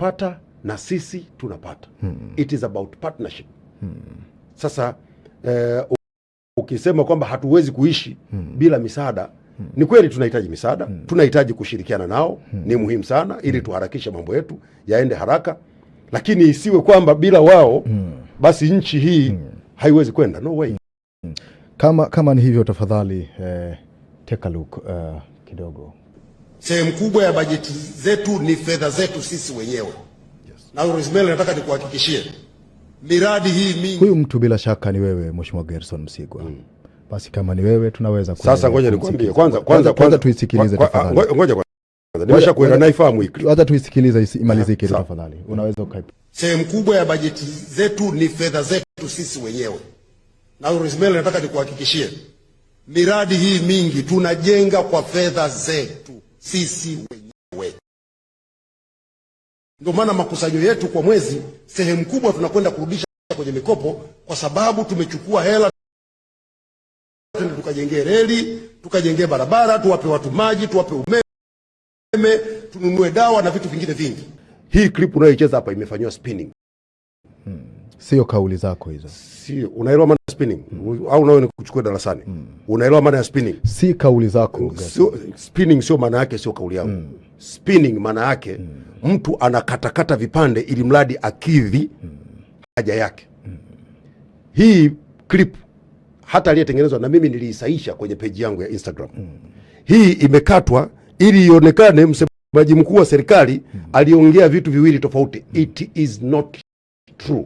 wanapata na sisi tunapata. Hmm. It is about partnership. Hmm. Sasa eh, ukisema kwamba hatuwezi kuishi hmm. bila misaada Hmm. Ni kweli tunahitaji misaada hmm. tunahitaji kushirikiana nao hmm. Ni muhimu sana ili hmm. tuharakishe mambo yetu yaende haraka, lakini isiwe kwamba bila wao hmm. basi nchi hii hmm. haiwezi kwenda no way hmm. Kama, kama ni hivyo tafadhali eh, take a look uh, kidogo sehemu kubwa ya bajeti zetu ni fedha zetu sisi wenyewe yes. Na Rosemary, nataka nikuhakikishie miradi hii mingi. Huyu mtu bila shaka ni wewe Mheshimiwa Gerson Msigwa mm. Basi kama ni wewe tunaweza kuendelea. Sasa ngoja nikwambie kwanza, kwanza, kwanza tuisikilize tafadhali. Ngoja kwanza, na ifahamu hiki, hata tuisikilize imalizike tafadhali. Unaweza ukai. Sehemu kubwa ya bajeti zetu ni fedha zetu sisi wenyewe, na Rosemary, nataka nikuhakikishie miradi hii mingi tunajenga kwa fedha zetu sisi wenyewe. Ndio maana makusanyo yetu kwa mwezi, sehemu kubwa tunakwenda kurudisha kwenye mikopo, kwa sababu tumechukua hela tuende tukajengee reli, tukajengee barabara, tuwape watu maji, tuwape umeme, tununue dawa na vitu vingine vingi. Hii clip unayoicheza hapa imefanyiwa spinning. Hmm. Sio kauli zako hizo, sio unaelewa spinning mm. au nawe nikuchukue darasani mm. unaelewa maana ya spinning. Si kauli zako sio, spinning sio maana yake, sio kauli yangu mm. spinning maana yake mm. mtu anakatakata vipande ili mradi akidhi hmm. haja mm. yake mm. hii clip hata aliyetengenezwa na mimi niliisaisha kwenye peji yangu ya Instagram mm. hii imekatwa ili ionekane msemaji mkuu wa serikali mm. aliongea vitu viwili tofauti. It is not true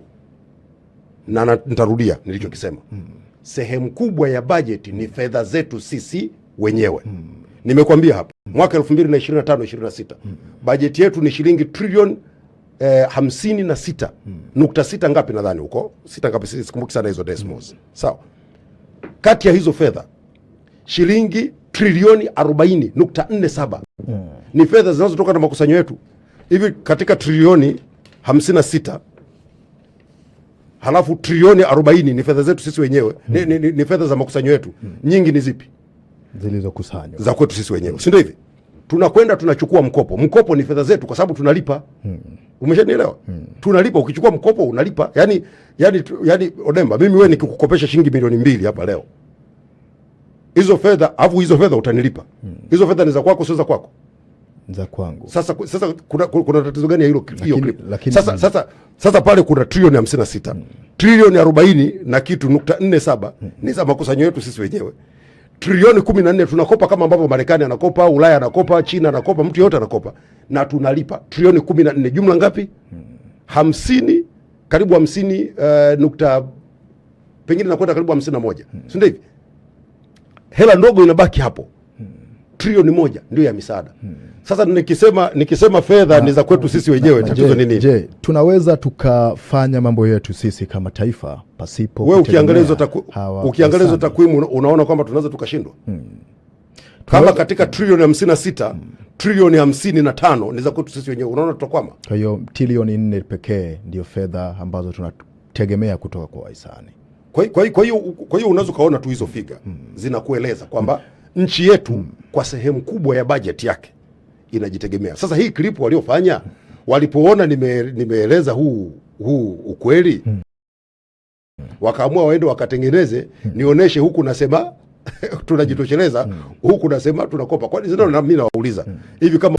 na nitarudia nilichokisema. mm. Sehemu kubwa ya bajeti ni fedha zetu sisi wenyewe. mm. Nimekwambia mm. mwaka 2025 26 mm. bajeti yetu ni shilingi trilioni eh, hamsini na sita mm. nukta sita ngapi nadhani huko sita ngapi, sikumbuki sana hizo decimals. mm. Sawa, kati ya hizo fedha shilingi trilioni 40.47 mm. ni fedha zinazotoka na makusanyo yetu. Hivi katika trilioni 56 halafu trilioni 40 ni fedha zetu sisi wenyewe hmm. ni, ni, ni fedha za makusanyo yetu hmm. nyingi ni zipi zilizokusanywa za kwetu sisi wenyewe hmm. si ndio hivi tunakwenda tunachukua mkopo mkopo ni fedha zetu kwa sababu tunalipa hmm. umeshanielewa hmm. tunalipa ukichukua mkopo unalipa yani, yani, yani Odemba mimi wewe nikikukopesha shilingi milioni mbili hapa leo hizo fedha afu hizo fedha utanilipa hmm. hizo hmm. fedha ni za kwako sio za kwako za kwangu. Sasa, sasa kuna, kuna tatizo gani ya hilo hiyo clip? Sasa, sasa, sasa pale kuna trilioni 56 mm. trilioni 40 na kitu nukta 47 hmm. ni za makusanyo yetu sisi wenyewe trilioni kumi na nne tunakopa kama ambavyo Marekani anakopa, Ulaya anakopa, China anakopa, mtu yeyote anakopa na tunalipa trilioni kumi na nne Jumla ngapi? Mm. hamsini karibu hamsini uh, nukta pengine nakwenda karibu hamsini na moja hmm. si ndio hivi? Hela ndogo inabaki hapo, hmm. trilioni moja ndio ya misaada hmm. Sasa nikisema, nikisema fedha ni za kwetu sisi wenyewe, tatizo nini? Je, tunaweza tukafanya mambo yetu sisi kama taifa pasipo wewe? Ukiangalia hizo takwimu unaona kwamba tunaweza tukashindwa hmm. kama katika trilioni hamsini na sita hmm. trilioni hamsini na tano ni za kwetu sisi wenyewe, unaona tutakwama. Kwa hiyo trilioni nne pekee ndio fedha ambazo tunategemea kutoka kwa wahisani. Kwa hiyo unaweza ukaona tu hizo figa hmm. zinakueleza kwamba nchi yetu hmm. kwa sehemu kubwa ya bajeti yake inajitegemea. Sasa hii klipu waliofanya walipoona nime, nimeeleza huu, huu ukweli hmm. Wakaamua waende wakatengeneze hmm. nioneshe Nionyeshe huku nasema tunajitosheleza hmm. Huku nasema tunakopa, kwani mimi nawauliza hivi kama